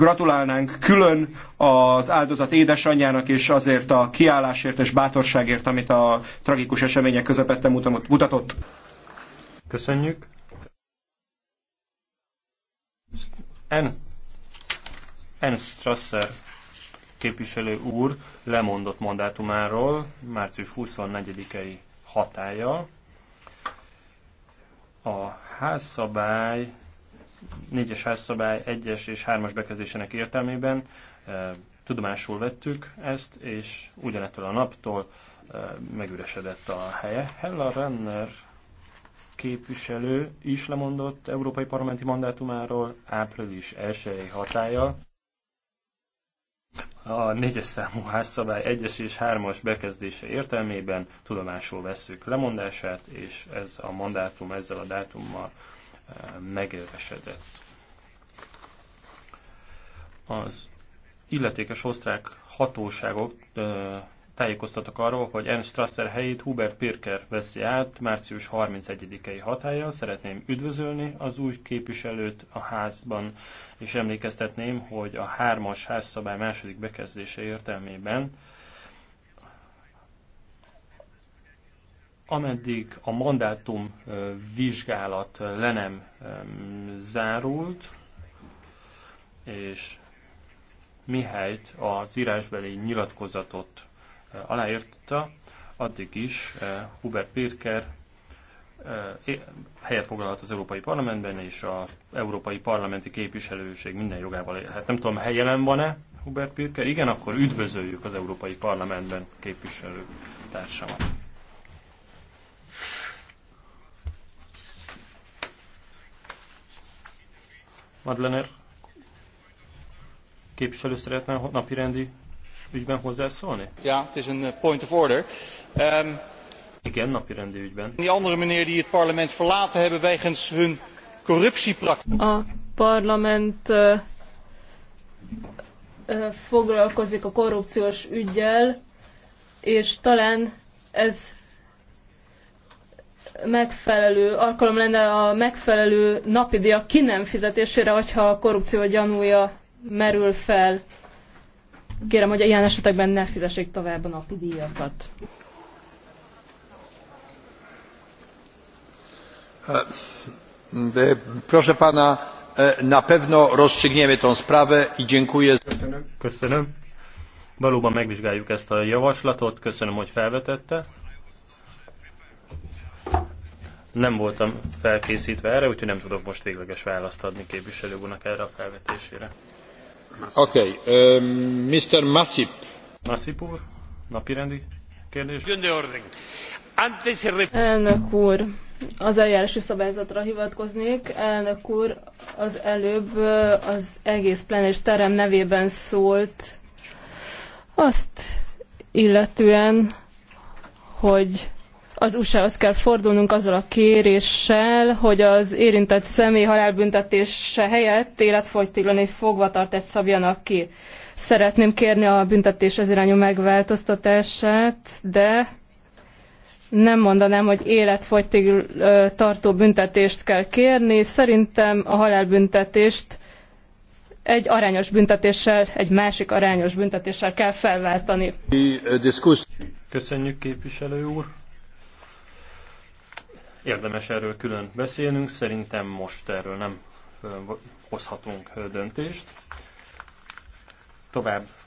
Gratulálnánk külön az áldozat édesanyjának és azért a kiállásért és bátorságért, amit a tragikus események közepette mutatott. Köszönjük. En, en Strasser képviselő úr lemondott mandátumáról március 24-i hatája. A házszabály négyes házszabály egyes és hármas bekezdésének értelmében eh, tudomásul vettük ezt, és ugyanettől a naptól eh, megüresedett a helye. Hella Renner képviselő is lemondott európai parlamenti mandátumáról április 1-i hatája. A négyes számú házszabály 1 és 3-as bekezdése értelmében tudomásul veszük lemondását, és ez a mandátum ezzel a dátummal megöresedett. Az illetékes osztrák hatóságok tájékoztatok arról, hogy Ernst Strasser helyét Hubert Pirker veszi át március 31-i hatája. Szeretném üdvözölni az új képviselőt a házban, és emlékeztetném, hogy a hármas házszabály második bekezdése értelmében ameddig a mandátum vizsgálat le nem zárult, és mihelyt az írásbeli nyilatkozatot aláírta, addig is Hubert Pirker helyet foglalhat az Európai Parlamentben, és az Európai Parlamenti Képviselőség minden jogával él. Hát nem tudom, helyelen van-e Hubert Pirker? Igen, akkor üdvözöljük az Európai Parlamentben képviselő társamat. Madlener képviselő szeretne napi rendi ügyben hozzászólni? Ja, it is a eh, point of order. Um, Igen, napi rendi ügyben. Die andere meneer die het parlement verlaten hebben wegens hun corruptiepraktijk. A parlament uh, foglalkozik a korrupciós ügyel, és talán ez megfelelő alkalom lenne a megfelelő napi díjak ki nem fizetésére, hogyha a korrupció gyanúja merül fel. Kérem, hogy ilyen esetekben ne fizessék tovább a napi díjakat. E, proszę pana, e, na pewno rozstrzygniemy tę sprawę i dziękuję. Köszönöm. Valóban megvizsgáljuk ezt a javaslatot. Köszönöm, hogy felvetette. Nem voltam felkészítve erre, úgyhogy nem tudok most végleges választ adni képviselő úrnak erre a felvetésére. Oké, okay, um, Mr. Masip. Masip úr, napirendi kérdés. Elnök úr, az eljárási szabályzatra hivatkoznék. Elnök úr, az előbb az egész plenáris terem nevében szólt azt illetően, hogy az USA-hoz kell fordulnunk azzal a kéréssel, hogy az érintett személy halálbüntetése helyett életfogytiglani fogvatartást szabjanak ki. Szeretném kérni a büntetés ez irányú megváltoztatását, de nem mondanám, hogy életfogytig tartó büntetést kell kérni. Szerintem a halálbüntetést egy arányos büntetéssel, egy másik arányos büntetéssel kell felváltani. Köszönjük képviselő úr! Érdemes erről külön beszélnünk, szerintem most erről nem hozhatunk döntést. Tovább